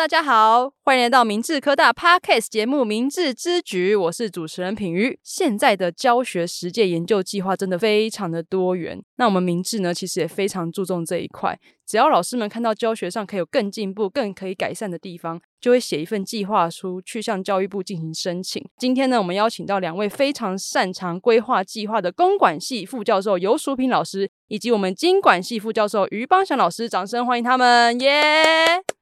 大家好，歡迎來到明志科大 Podcast 節目《明志之舉》，我是主持人品妤。現在的教學實踐研究計劃真的非常的多元。那我們明志呢，其實也非常注重這一塊。只要老師們看到教學上可以有更進步、更可以改善的地方，就會寫一份計劃書去向教育部進行申請。今天呢，我們邀請到兩位非常擅長規劃計劃的工管系副教授游淑萍老師，以及我們經管系副教授虞邦祥老師，掌聲歡迎他們！耶、yeah!。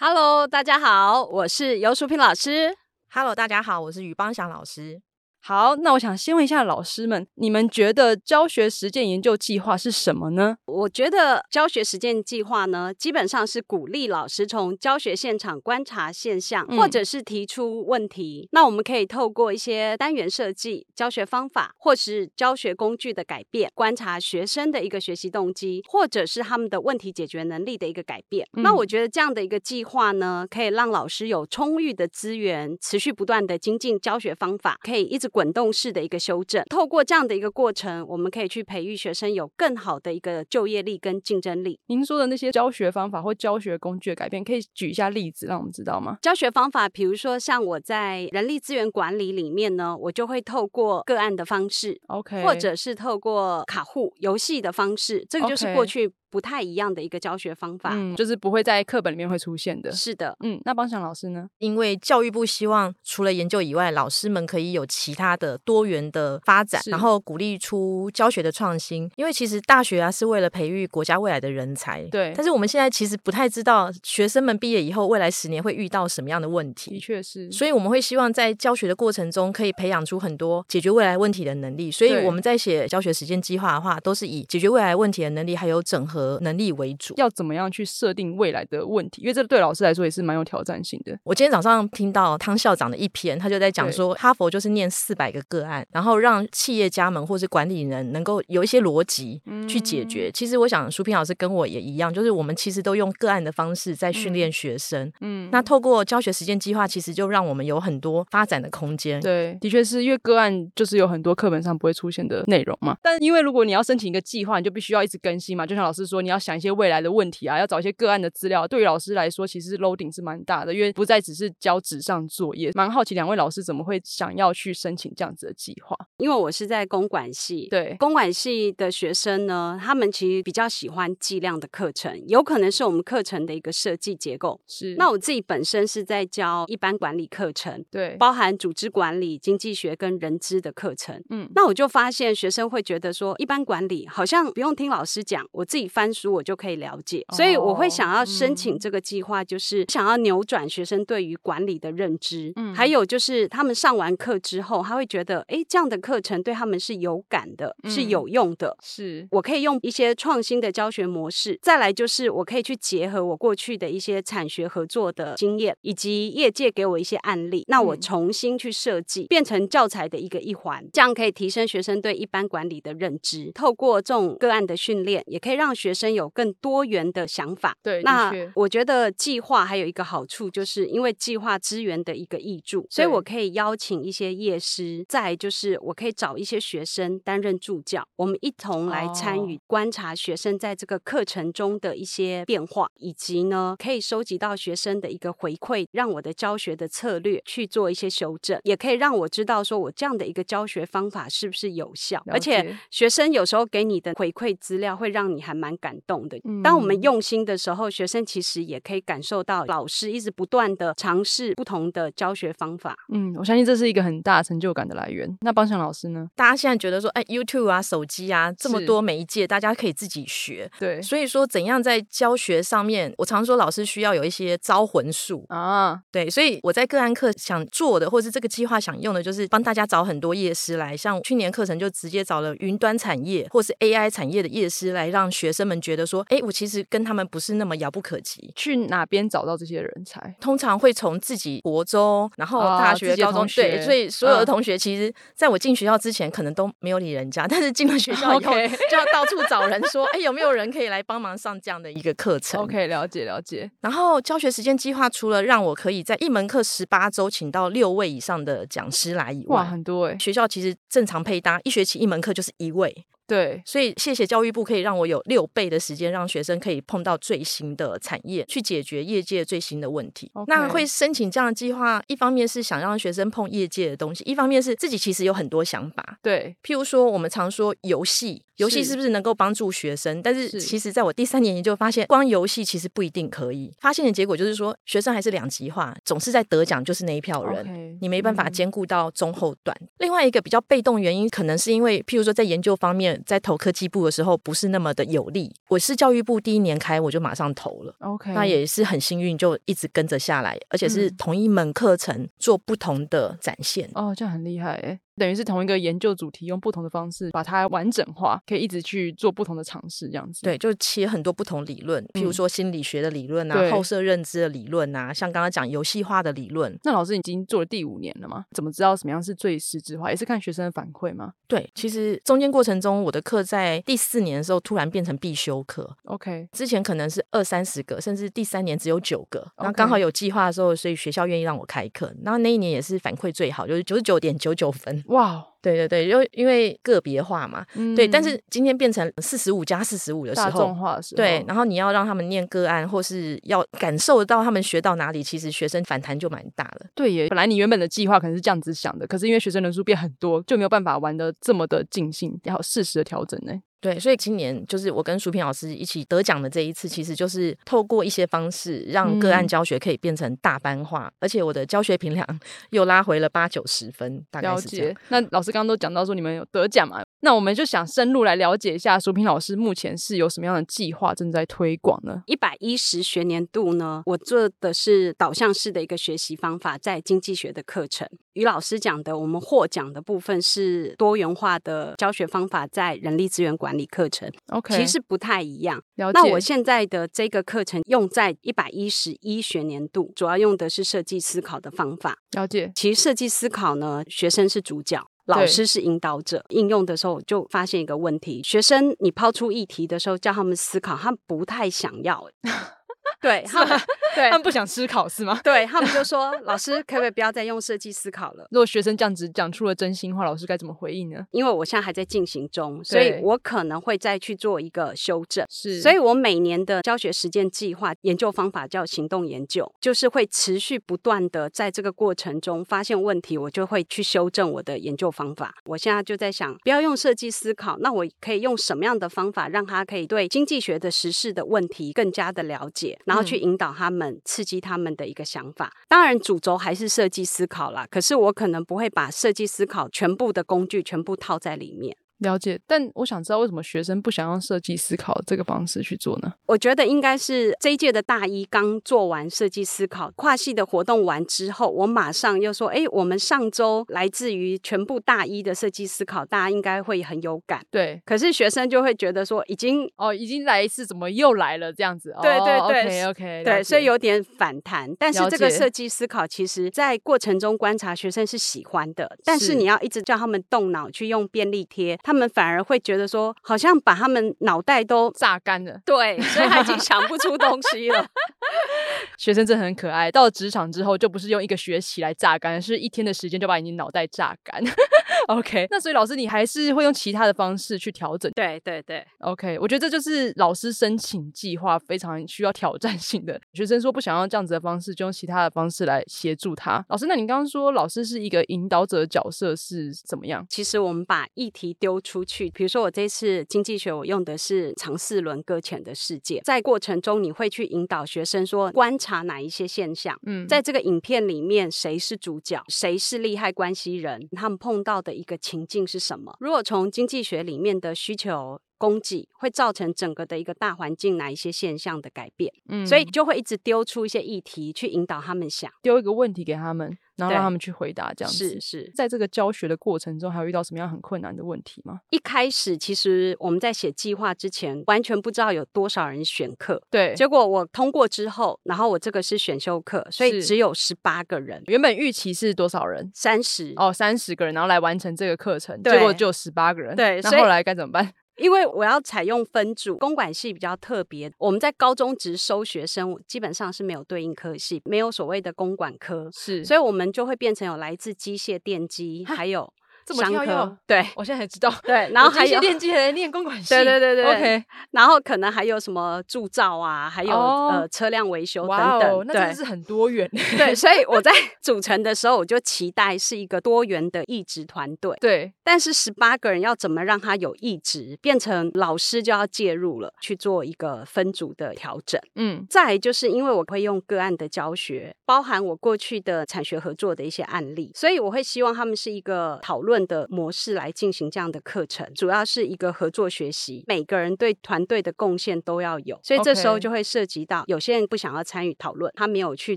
哈嘍，大家好，我是游淑萍老師。哈嘍，大家好，我是虞邦祥老師。好，那我想先問一下老師們，你們覺得教學實踐研究計劃是什麼呢？我覺得教學實踐計劃呢，基本上是鼓勵老師從教學現場觀察現象，嗯、或者是提出問題。那我們可以透過一些單元設計、教學方法或是教學工具的改變，觀察學生的一個學習動機，或者是他們的問題解決能力的一個改變。嗯、那我覺得這樣的一個計劃呢，可以讓老師有充裕的資源，持續不斷的精進教學方法，可以一直。滾動式的一個修正，透過這樣的一個過程，我們可以去培育學生有更好的一個就業力跟競爭力。您說的那些教學方法或教學工具的改變，可以舉一下例子讓我們知道嗎？教學方法，比如說像我在人力資源管理裡面呢，我就會透過個案的方式，OK，或者是透過卡戶遊戲的方式，這個就是過去，OK。不太一樣的一個教學方法，嗯，就是不會在課本裡面會出現的。是的，嗯，那邦祥老師呢？因為教育部希望除了研究以外，老師們可以有其他的多元的發展，然後鼓勵出教學的創新。因為其實大學啊是為了培育國家未來的人才，對。但是我們現在其實不太知道學生們畢業以後未來十年會遇到什麼樣的問題。的確是，所以我們會希望在教學的過程中可以培養出很多解決未來問題的能力。所以我們在寫教學實踐計劃的話，都是以解決未來問題的能力還有整合。和能力為主要怎麼樣去設定未來的問題，因為這對老師來說也是蠻有挑戰性的。我今天早上聽到湯校長的一篇，他就在講說，哈佛就是念四百個個案，然後讓企業家們或是管理人能夠有一些邏輯去解決。嗯、其實我想，淑萍老師跟我也一樣，就是我們其實都用個案的方式在訓練學生。嗯，那透過教學實踐計劃，其實就讓我們有很多發展的空間。對，的確是，因為個案就是有很多課本上不會出現的內容嘛。但因為如果你要申請一個計劃，你就必須要一直更新嘛。就像老師。說你要想一些未來的問題啊，要找一些個案的資料。對於老師來說，其實 loading 是蠻大的，因為不再只是教紙上作業。蠻好奇兩位老師怎麼會想要去申請這樣子的計劃？因為我是在公管系，對公管系的學生呢，他們其實比較喜歡計量的課程，有可能是我們課程的一個設計結構。是。那我自己本身是在教一般管理課程，對，包含組織管理、經濟學跟人資的課程。嗯，那我就發現學生會覺得說一般管理好像不用聽老師講，我自己。翻書我就可以了解，oh, 所以我會想要申請這個計劃，就是想要扭轉學生對於管理的認知。嗯，還有就是他們上完課之後，他會覺得，誒，這樣的課程對他們是有感的，嗯、是有用的。是，我可以用一些創新的教學模式。再來就是，我可以去結合我過去的一些產學合作的經驗，以及業界給我一些案例，那我重新去設計，變成教材的一個一環，這樣可以提升學生對一般管理的認知。透過這種個案的訓練，也可以讓學生學生有更多元的想法。對，那我覺得計劃還有一個好處，就是因為計劃資源的一個挹注，所以我可以邀請一些業師，再就是我可以找一些學生擔任助教，我們一同來參與、哦、觀察學生在這個課程中的一些變化，以及呢可以收集到學生的一個回饋，讓我的教學的策略去做一些修正，也可以讓我知道說我這樣的一個教學方法是不是有效。而且學生有時候給你的回饋資料，會讓你還蠻。感動的，當我們用心的時候，學生其實也可以感受到老師一直不斷的嘗試不同的教學方法。嗯，我相信這是一個很大成就感的來源。那邦祥老師呢？大家現在覺得說，哎，YouTube 啊，手機啊，這麼多媒介，大家可以自己學。對，所以說怎樣在教學上面，我常說老師需要有一些招魂術啊。對，所以我在個案課想做的，或是這個計劃想用的，就是幫大家找很多業師來，像去年課程就直接找了雲端產業或是 AI 產業的業師來，讓學生們覺得說，哎、欸，我其實跟他們不是那麼遙不可及。去哪邊找到這些人才？通常會從自己國中，然後大學高中、oh, 學對，所以所有的同學，其實在我進學校之前，可能都沒有理人家，oh. 但是進了學校以後，okay. 就要到處找人說，哎、 欸，有沒有人可以來幫忙上這樣的一個課程？OK，了解了解。然後教學實踐計畫除了讓我可以在一門課十八周請到六位以上的講師來以外，哇，很多哎、欸！學校其實正常配搭一學期一門課就是一位。對，所以謝謝教育部可以讓我有六倍的時間，讓學生可以碰到最新的產業，去解決業界最新的問題。Okay. 那會申請這樣的計劃，一方面是想讓學生碰業界的東西，一方面是自己其實有很多想法。對，譬如說我們常說遊戲，遊戲是不是能夠幫助學生？是，但是其實在我第三年研究發現，光遊戲其實不一定可以。發現的結果就是說，學生還是兩極化，總是在得獎就是那一票人，Okay. 你沒辦法兼顧到中後段。嗯。另外一個比較被動原因，可能是因為譬如說在研究方面。在投科技部的時候不是那麼的有利，我是教育部第一年開我就馬上投了。OK，那也是很幸運，就一直跟着下來，而且是同一門課程做不同的展現，嗯、哦，這樣很厲害誒、欸等於是同一個研究主題，用不同的方式把它完整化，可以一直去做不同的嘗試，這樣子。對，就切很多不同理論，譬如說心理學的理論啊、嗯，後設認知的理論啊，像剛剛講遊戲化的理論。那老師已經做了第五年了嗎？怎麼知道什麼樣是最實質化？也是看學生的反饋嗎？對，其實中間過程中，我的課在第四年的時候突然變成必修課。OK，之前可能是二三十個，甚至第三年只有九個，然後、okay. 剛好有計劃的時候，所以學校願意讓我開課。那那一年也是反饋最好，就是九十九點九九分。哇、wow，對對對，為因為個別化嘛、嗯，對。但是今天變成四十五加四十五的時候，對，然後你要讓他們念個案，或是要感受得到他們學到哪裡，其實學生反彈就蠻大了。對耶，本來你原本的計劃可能是這樣子想的，可是因為學生人數變很多，就沒有辦法玩的這麼的盡興，要適時的調整呢。對，所以今年就是我跟淑萍老師一起得獎的這一次，其實就是透過一些方式，讓個案教學可以變成大班化，嗯、而且我的教學評量又拉回了八九十分，大概是這樣。那老師剛剛都講到說，你們有得獎嗎？那我們就想深入來了解一下，淑萍老師目前是有什麼樣的計劃正在推廣呢？一百一十學年度呢，我做的的是導向式的一個學習方法在經濟學的課程。虞老師講的，我們獲獎的部分是多元化的教學方法在人力資源管理課程。OK，其實不太一樣。了解。那我現在的這個課程用在一百一十一學年度，主要用的是設計思考的方法。了解。其實設計思考呢，學生是主角。老師是引導者，應用的時候就發現一個問題：學生，你拋出議題的時候，叫他們思考，他們不太想要。 對他們是， 他們不想思考是嗎？ 對他們就說：“老師，可不可以不要再用設計思考了？”如果學生這樣子講出了真心話，老師該怎麼回應呢？因為我現在還在進行中，所以我可能會再去做一個修正。是，所以我每年的教學實踐計劃，研究方法叫行動研究，就是會持續不斷的在這個過程中發現問題，我就會去修正我的研究方法。我現在就在想，不要用設計思考，那我可以用什麼樣的方法讓他可以對經濟學的時事的問題更加的了解？然後去引導他們，嗯，刺激他們的一個想法。當然，主軸還是設計思考啦。可是我可能不會把設計思考全部的工具全部套在裡面。了解，但我想知道為什麼學生不想用設計思考這個方式去做呢？我覺得應該是這一屆的大一剛做完設計思考跨系的活動完之後，我馬上又說：“哎、欸，我們上周來自於全部大一的設計思考，大家應該會很有感。”對。可是學生就會覺得說：“已經哦，已經來一次，怎麼又來了？”這樣子。哦、對對對，OK OK。對，所以有點反彈。了解。但是這個設計思考，其實在過程中觀察學生是喜歡的，但是你要一直叫他們動腦去用便利貼。他們反而會覺得說，好像把他們腦袋都榨乾了。對，所以他已經想不出東西了。 學生真的很可愛。到了職場之後，就不是用一個學期來榨乾，是一天的時間就把你腦袋榨乾。 OK，那所以老師，你還是會用其他的方式去調整。對對對。OK，我覺得這就是老師申請計劃非常需要挑戰性的。學生說不想要這樣子的方式，就用其他的方式來協助他。老師，那你剛剛說老師是一個引導者的角色是怎麼樣？其實我們把議題丟。出去，比如說我這次經濟學我用的是長賜輪擱淺的事件，在過程中你會去引導學生說觀察哪一些現象，嗯，在這個影片裡面誰是主角，誰是利害關係人，他們碰到的一個情境是什麼？如果從經濟學裡面的需求供給會造成整個的一個大環境哪一些現象的改變，嗯，所以就會一直丟出一些議題去引導他們想，丟一個問題給他們。然後讓他們去回答這樣子。是是，在這個教學的過程中，還有遇到什麼樣很困難的問題嗎？一開始其實我們在寫計劃之前，完全不知道有多少人選課。對，結果我通過之後，然後我這個是選修課，所以只有十八個人。原本預期是多少人？三十。哦，三十個人，然後來完成這個課程，結果只有十八個人。對，那後,後來該怎麼辦？ 因為我要採用分組，工管系比較特別。我們在高中職收學生，基本上是沒有對應科系，沒有所謂的工管科，是，所以我們就會變成有來自機械、電機，還有。相剋，對，我現在才知道。對，然後還有電機和念工管系對，對對對對。OK，然後可能還有什麼鑄造啊，還有、oh. 呃車輛維修等等 wow，那真的是很多元。對，對 所以我在組成的時候，我就期待是一個多元的異質團隊。對，但是十八個人要怎麼讓他有異質，變成老師就要介入了，去做一個分組的調整。嗯，再來就是因為我會用個案的教學，包含我過去的產學合作的一些案例，所以我會希望他們是一個討論。的模式來進行這樣的課程，主要是一個合作學習，每個人對團隊的貢獻都要有，所以這時候就會涉及到有些人不想要參與討論，他沒有去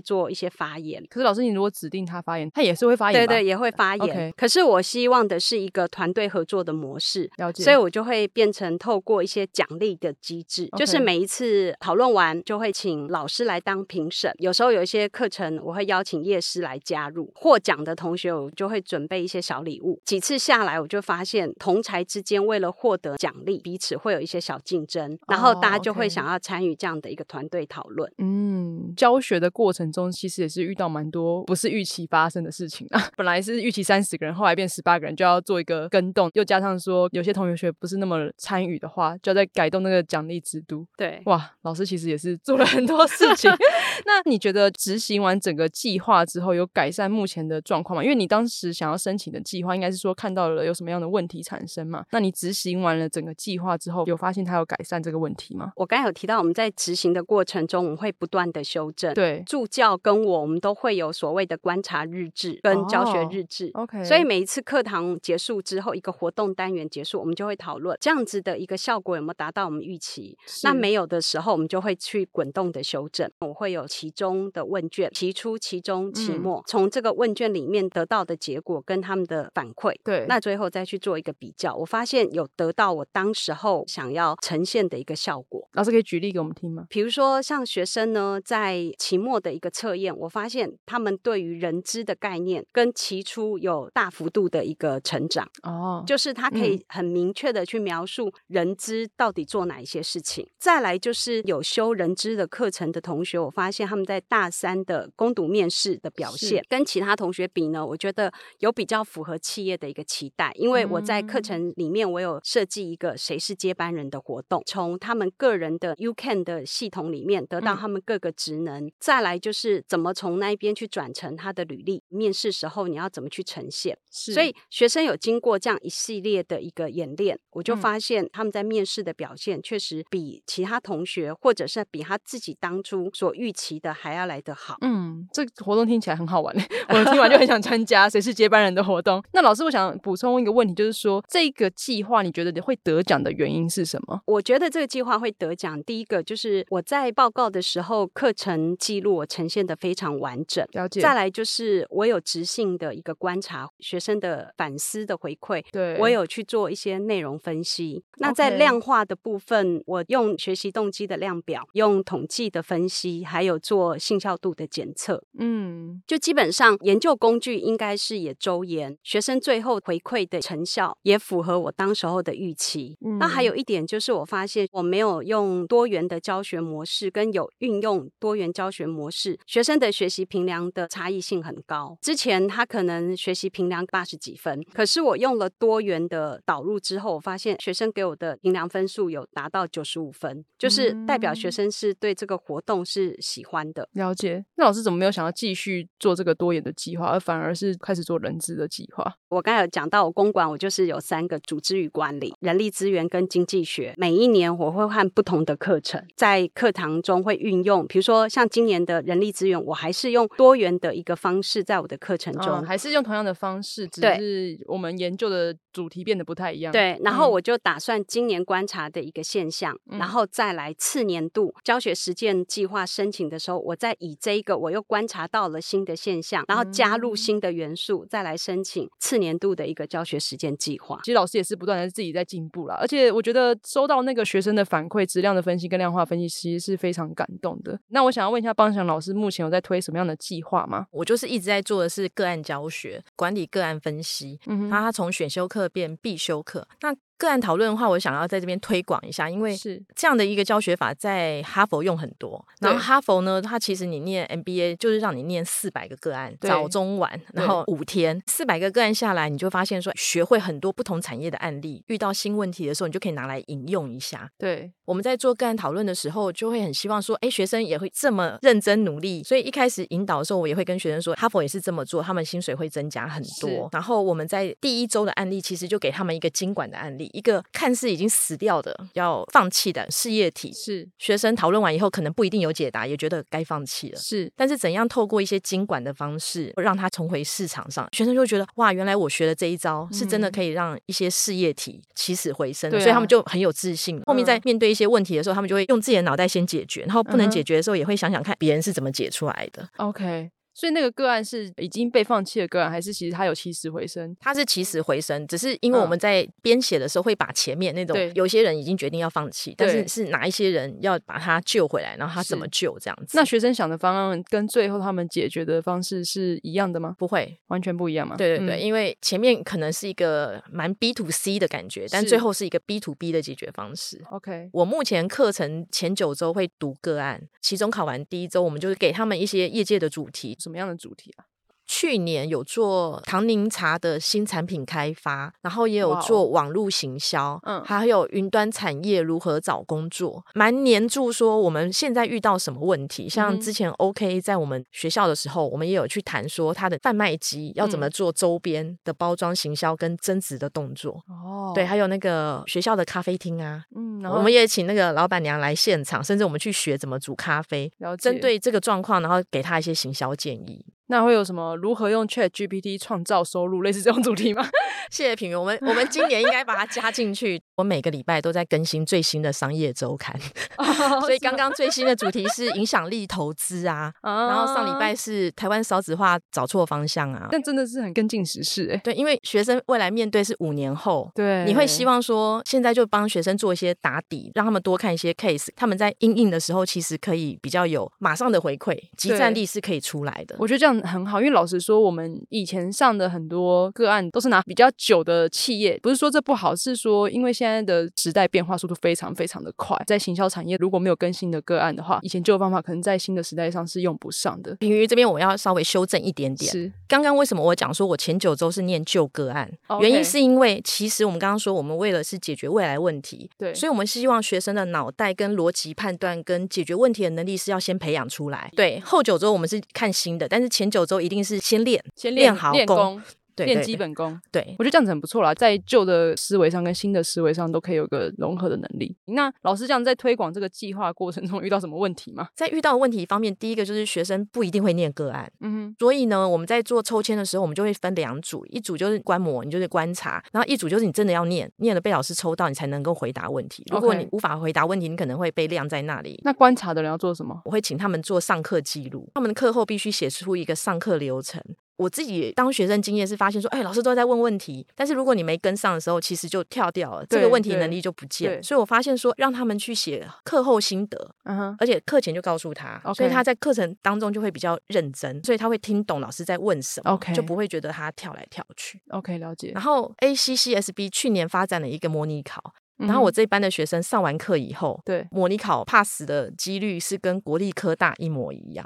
做一些發言。可是老師，你如果指定他發言，他也是會發言，對,對對，也會發言。Okay. 可是我希望的是一個團隊合作的模式，了解。所以我就會變成透過一些獎勵的機制，okay. 就是每一次討論完就會請老師來當評審。有時候有一些課程，我會邀請業師來加入。獲獎的同學，我就會準備一些小禮物。幾次下來，我就發現同儕之間為了獲得獎勵，彼此會有一些小競爭，然後大家就會想要參與這樣的一個團隊討論。Oh, okay. 嗯，教學的過程中其實也是遇到蠻多不是預期發生的事情啊。本來是預期三十個人，後來變十八個人，就要做一個更動，又加上說有些同學不是那麼參與的話，就要再改動那個獎勵制度。對，哇，老師其實也是做了很多事情。 那你覺得執行完整個計劃之後，有改善目前的狀況嗎？因為你當時想要申請的計劃應該是。說看到了有什麼樣的問題產生嗎？那你執行完了整個計劃之後，有發現它有改善這個問題嗎？我剛才有提到，我們在執行的過程中，我們會不斷的修正。對，助教跟我，我們都會有所謂的觀察日誌跟教學日誌。Oh, OK，所以每一次課堂結束之後，一個活動單元結束，我們就會討論這樣子的一個效果有沒有達到我們預期。那沒有的時候，我們就會去滾動的修正。我會有其中的問卷，期初、期中、期末、嗯、從這個問卷裡面得到的結果跟他們的反饋。對，那最後再去做一個比較，我發現有得到我當時候想要呈現的一個效果。老師可以舉例給我們聽嗎？比如說，像學生呢，在期末的一個測驗，我發現他們對於人資的概念跟期初有大幅度的一個成長。哦、oh,，就是他可以很明確的去描述人資到底做哪一些事情，嗯。再來就是有修人資的課程的同學，我發現他們在大三的工讀面試的表現，跟其他同學比呢，我覺得有比較符合企業。的一個期待，因為我在課程裡面我有設計一個“誰是接班人”的活動，從他們個人的 U-CAN 的系統裡面得到他們各個職能、嗯，再來就是怎麼從那一邊去轉成他的履歷。面試時候你要怎麼去呈現？是。所以學生有經過這樣一系列的一個演練，我就發現他們在面試的表現確實比其他同學，或者是比他自己當初所預期的還要來得好。嗯，這活動聽起來很好玩耶。我聽完就很想參加“誰是接班人”的活動。那老師。我想補充一個問題，就是說這個計劃你覺得你會得獎的原因是什麼？我覺得這個計劃會得獎，第一個就是我在報告的時候，課程記錄我呈現的非常完整。了解。再來就是我有質性的一個觀察，學生的反思的回饋。對。我有去做一些內容分析。那在量化的部分，okay、我用學習動機的量表，用統計的分析，還有做信效度的檢測。嗯。就基本上研究工具應該是也周延學生最。最後回饋的成效也符合我當時候的預期，嗯。那還有一點就是，我發現我沒有用多元的教學模式，跟有運用多元教學模式，學生的學習評量的差異性很高。之前他可能學習評量八十幾分，可是我用了多元的導入之後，我發現學生給我的評量分數有達到九十五分，就是代表學生是對這個活動是喜歡的。嗯，了解。那老師怎麼沒有想要繼續做這個多元的計劃，而反而是開始做人資的計劃？我，我剛才有講到，我工管我就是有三個組織與管理、人力資源跟經濟學。每一年我會換不同的課程，在課堂中會運用，比如說像今年的人力資源，我還是用多元的一個方式在我的課程中。哦，還是用同樣的方式，只是我們研究的。主題變得不太一樣。對，然後我就打算今年觀察的一個現象、嗯，然後再來次年度教學實踐計劃申請的時候，我再以這一個我又觀察到了新的現象，嗯、然後加入新的元素，再來申請次年度的一個教學實踐計劃。其實老師也是不斷的自己在進步啦，而且我覺得收到那個學生的反饋，質量的分析跟量化分析，其實是非常感動的。那我想要問一下邦祥老師，目前有在推什麼樣的計劃嗎？我就是一直在做的是個案教學，管理個案分析。嗯，他從選修課。二變必修課，那，個案討論的話，我想要在這邊推廣一下，因為是這樣的一個教學法，在哈佛用很多。然後哈佛呢，它其實你念 MBA 就是讓你念四百個個案，早中晚，然後五天，四百個個案下來，你就發現說，學會很多不同產業的案例，遇到新問題的時候，你就可以拿來引用一下。對，我們在做個案討論的時候，就會很希望說，誒，學生也會這麼認真努力。所以一開始引導的時候，我也會跟學生說，哈佛也是這麼做，他們薪水會增加很多。然後我們在第一周的案例，其實就給他們一個經管的案例。一個看似已經死掉的、要放棄的事業體，是學生討論完以後，可能不一定有解答，也覺得該放棄了。是，但是怎樣透過一些經管的方式，讓它重回市場上？學生就覺得哇，原來我學的這一招是真的可以讓一些事業體起死回生的、嗯，所以他們就很有自信、啊。後面在面對一些問題的時候，他們就會用自己的腦袋先解決，然後不能解決的時候，也會想想看別人是怎麼解出來的。嗯、OK。所以那個個案是已經被放棄的個案，還是其實它有起死回生？它是起死回生，只是因為我們在編寫的時候會把前面那種、啊、對有些人已經決定要放棄，但是是哪一些人要把它救回來，然後他怎麼救這樣子？那學生想的方案跟最後他們解決的方式是一樣的嗎？不會，完全不一樣嘛？對對對、嗯，因為前面可能是一個蠻 B to C 的感覺，但最後是一個 B to B 的解決方式。OK，我目前課程前九周會讀個案，期中考完第一周我們就是給他們一些業界的主題。什麼樣的主題啊？去年有做唐寧茶的新產品開發，然後也有做網絡行銷，wow. 嗯，還有雲端產業如何找工作，蠻黏住說我們現在遇到什麼問題。像之前 OK 在我們學校的時候，嗯、我們也有去談說他的販賣機要怎麼做周邊的包裝行銷跟增值的動作哦、嗯，對，還有那個學校的咖啡廳啊，嗯，我們也請那個老闆娘來現場，甚至我們去學怎麼煮咖啡，了解針對這個狀況，然後給他一些行銷建議。那會有什麼？如何用 ChatGPT 創造收入？類似這種主題嗎？謝謝品妤。我們我們今年應該把它加進去。 我每個禮拜都在更新最新的商業周刊，oh, 所以剛剛最新的主題是影響力投資啊。Oh, 然後上禮拜是台灣少子化找錯方向啊。但真的是很跟進時事哎、欸。對，因為學生未來面對是五年後，對，你會希望說現在就幫學生做一些打底，讓他們多看一些 case，他們在因應的時候其實可以比較有馬上的回饋，即戰力是可以出來的。我覺得這樣。很好，因為老實說，我們以前上的很多個案都是拿比較久的企業，不是說這不好，是說因為現在的時代變化速度非常非常的快，在行銷產業如果沒有更新的個案的話，以前舊方法可能在新的時代上是用不上的。比為，這邊我要稍微修正一點點，是剛剛為什麼我講說我前九週是念舊個案，Okay. 原因是因為其實我們剛剛說我們為了是解決未來問題，對，所以我們希望學生的腦袋跟邏輯判斷跟解決問題的能力是要先培養出來。對，後九週我們是看新的，但是前九周一定是先練，先練，練好練功。功對對對，練基本功，對，對我覺得這樣子很不錯啦，在舊的思維上跟新的思維上都可以有一個融合的能力。那老師這樣在推廣這個計劃過程中遇到什麼問題嗎？在遇到問題方面，第一個就是學生不一定會念個案，嗯哼，所以呢，我們在做抽籤的時候，我們就會分兩組，一組就是觀摩，你就是觀察，然後一組就是你真的要念，念了被老師抽到，你才能夠回答問題。如果你無法回答問題，你可能會被晾在那裡。Okay. 那觀察的人要做什麼？我會請他們做上課記錄，他們的課後必須寫出一個上課流程。我自己當學生經驗是發現說，哎，老師都在問問題，但是如果你沒跟上的時候，其實就跳掉了，這個問題能力就不見了。所以，我發現說，讓他們去寫課後心得，Uh-huh. 而且課前就告訴他，Okay. 所以他在課程當中就會比較認真，所以他會聽懂老師在問什麼，Okay. 就不會覺得他跳來跳去。OK，了解。然後 ACCSB 去年發展了一個模擬考，嗯，然後我這一班的學生上完課以後，對，模擬考 pass 的幾率是跟國立科大一模一樣。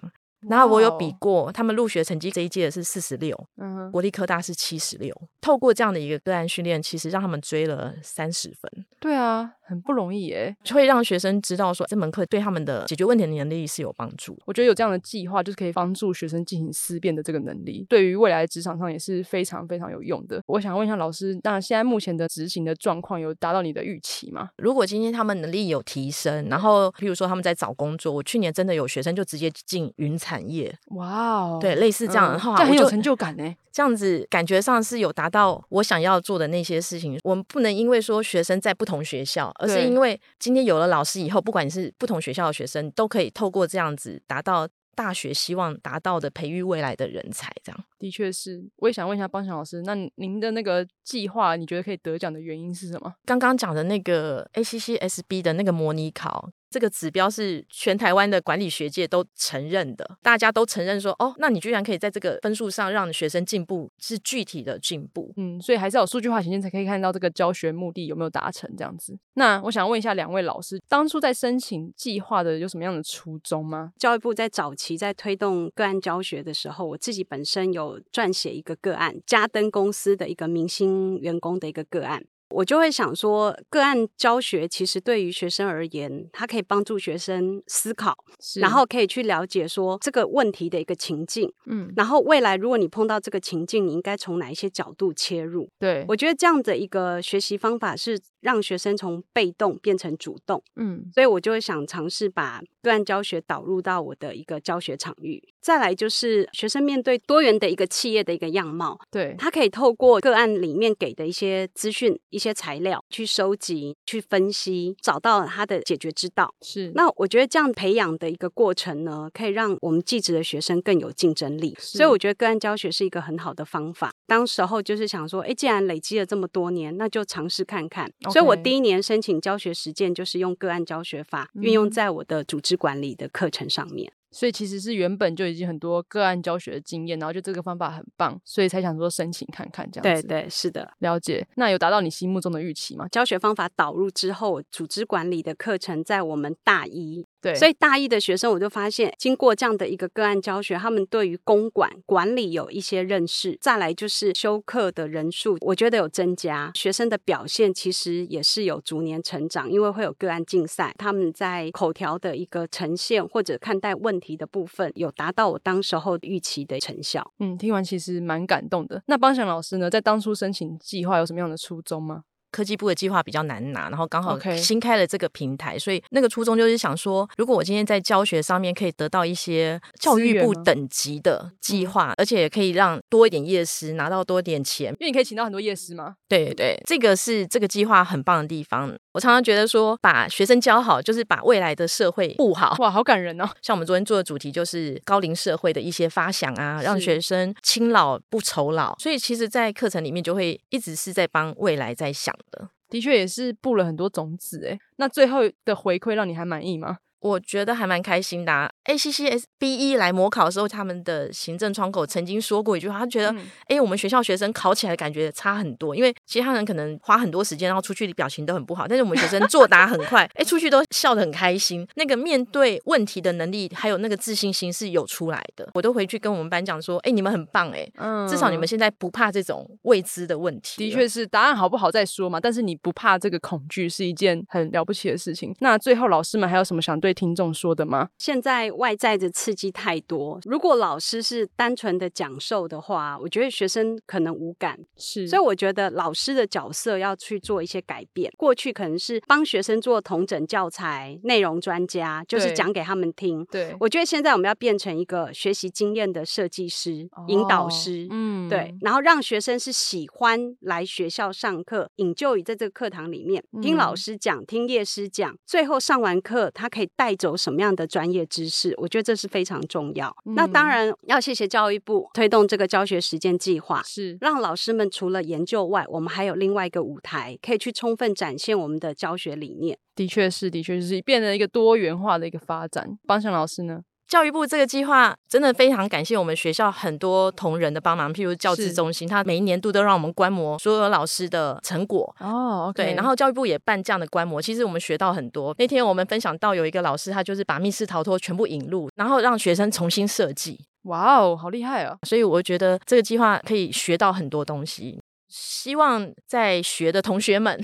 然後我有比過，他們入學成績這一屆是四十六，嗯，國立科大是七十六。透過這樣的一個個案訓練，其實讓他們追了三十分。對啊，很不容易耶。就會讓學生知道說，這門課對他們的解決問題的能力是有幫助。我覺得有這樣的計劃，就是可以幫助學生進行思辨的這個能力，對於未來職場上也是非常非常有用的。我想問一下老師，那現在目前的執行的狀況有達到你的預期嗎？如果今天他們能力有提升，然後比如說他們在找工作，我去年真的有學生就直接進雲。產業哇，對，類似這樣，嗯啊、這很有成就感呢。這樣子感覺上是有達到我想要做的那些事情。我們不能因為說學生在不同學校，而是因為今天有了老師以後，不管你是不同學校的學生，都可以透過這樣子達到大學希望達到的培育未來的人才這樣。的確是，我也想問一下邦祥老師，那您的那個計劃，你覺得可以得獎的原因是什麼？剛剛講的那個 ACCSB 的那個模擬考，這個指標是全台灣的管理學界都承認的，大家都承認說，哦，那你居然可以在這個分數上讓學生進步，是具體的進步，嗯，所以還是要有數據化呈現，才可以看到這個教學目的有沒有達成，這樣子。那我想問一下兩位老師，當初在申請計劃的有什麼樣的初衷嗎？教育部在早期在推動個案教學的時候，我自己本身有。撰寫一個個案，家登公司的一個明星員工的一個個案，我就會想說，個案教學其實對於學生而言，它可以幫助學生思考，然後可以去了解說這個問題的一個情境，嗯，然後未來如果你碰到這個情境，你應該從哪一些角度切入？對，我覺得這樣的一個學習方法是。讓學生從被動變成主動，嗯，所以我就會想嘗試把個案教學導入到我的一個教學場域。再來就是學生面對多元的一個企業的一個樣貌，對，他可以透過個案裡面給的一些資訊、一些材料去收集、去分析，找到他的解決之道。是，那我覺得這樣培養的一個過程呢，可以讓我們技職的學生更有競爭力。所以我覺得個案教學是一個很好的方法。當時候就是想說，哎，既然累積了這麼多年，那就嘗試看看。哦。所以，我第一年申請教學實踐，就是用個案教學法運用在我的組織管理的課程上面。嗯，所以，其實是原本就已經很多個案教學的經驗，然後就這個方法很棒，所以才想說申請看看這樣子。對對，是的。了解。那有達到你心目中的預期嗎？教學方法導入之後，組織管理的課程在我們大一。對，所以大一的學生，我就發現，經過這樣的一個個案教學，他們對於工管管理有一些認識。再來就是修課的人數，我覺得有增加。學生的表現其實也是有逐年成長，因為會有個案競賽，他們在口條的一個呈現或者看待問題的部分，有達到我當時候預期的成效。嗯，聽完其實蠻感動的。那邦祥老師呢，在當初申請計劃有什麼樣的初衷嗎？科技部的計劃比較難拿，然後剛好新開了這個平台，okay. 所以那個初衷就是想說，如果我今天在教學上面可以得到一些教育部等級的計劃，而且可以讓多一點業師拿到多一點錢，因為你可以請到很多業師嘛。對對，這個是這個計劃很棒的地方。我常常覺得說，把學生教好，就是把未來的社會布好。哇，好感人哦！像我們昨天做的主題，就是高齡社會的一些發想啊，讓學生親老不愁老。所以，其實，在課程裡面，就會一直是在幫未來在想的。的確，也是布了很多種子。哎，那最後的回饋，讓你還滿意嗎？我覺得還蠻開心的啊。啊 A C C S B E 來模考的時候，他們的行政窗口曾經說過一句話，他覺得哎、嗯欸，我們學校學生考起來的感覺差很多，因為其他人可能花很多時間，然後出去的表情都很不好，但是我們學生作答很快，哎、 欸，出去都笑得很開心。那個面對問題的能力，還有那個自信心是有出來的。我都回去跟我們班講說，哎、欸，你們很棒、欸，哎、嗯，至少你們現在不怕這種未知的問題。的確是答案好不好再說嘛，但是你不怕這個恐懼是一件很了不起的事情。那最後老師們還有什麼想對？聽眾說的嗎？現在外在的刺激太多，如果老師是單純的講授的話，我覺得學生可能無感。是，所以我覺得老師的角色要去做一些改變。過去可能是幫學生做統整教材內容專家，就是講給他們聽。對。對，我覺得現在我們要變成一個學習經驗的設計師、哦、引導師。嗯，對。然後讓學生是喜歡來學校上課，享受在這個課堂裡面、嗯、聽老師講，聽業師講。最後上完課，他可以帶。帶走什麼樣的專業知識？我覺得這是非常重要。嗯，那當然要謝謝教育部推動這個教學實踐計劃，是讓老師們除了研究外，我們還有另外一個舞台，可以去充分展現我們的教學理念。的確是，的確是，變成一個多元化的一個發展。邦祥老師呢？教育部這個計劃真的非常感謝我們學校很多同仁的幫忙，譬如教資中心，他每一年度都讓我們觀摩所有老師的成果哦，oh, okay. 對。然後教育部也辦這樣的觀摩，其實我們學到很多。那天我們分享到有一個老師，他就是把密室逃脫全部引入，然後讓學生重新設計。哇哦，好厲害啊！所以我覺得這個計劃可以學到很多東西。希望在學的同學們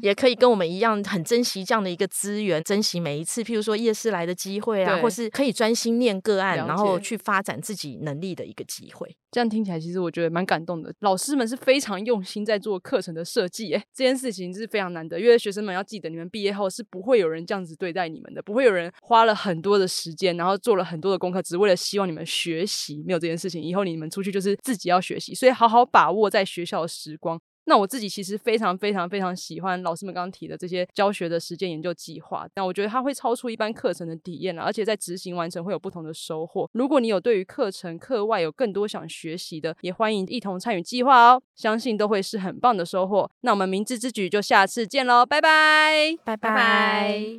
也可以跟我們一樣，很珍惜這樣的一個資源，嗯，珍惜每一次，譬如說業師來的機會啊，或是可以專心念個案，然後去發展自己能力的一個機會。這樣聽起來，其實我覺得蠻感動的。老師們是非常用心在做課程的設計，耶，這件事情是非常難得，因為學生們要記得，你們畢業後是不會有人這樣子對待你們的，不會有人花了很多的時間，然後做了很多的功課，只為了希望你們學習，沒有這件事情。以後你們出去就是自己要學習，所以好好把握在學校時。光，那我自己其實非常非常非常喜歡老師們剛剛提的這些教學的實踐研究計劃，但我覺得它會超出一般課程的體驗了啊，而且在執行完成會有不同的收穫。如果你有對於課程課外有更多想學習的，也歡迎一同參與計劃哦，相信都會是很棒的收穫。那我們明志之舉就下次見嘍，拜拜拜拜，拜。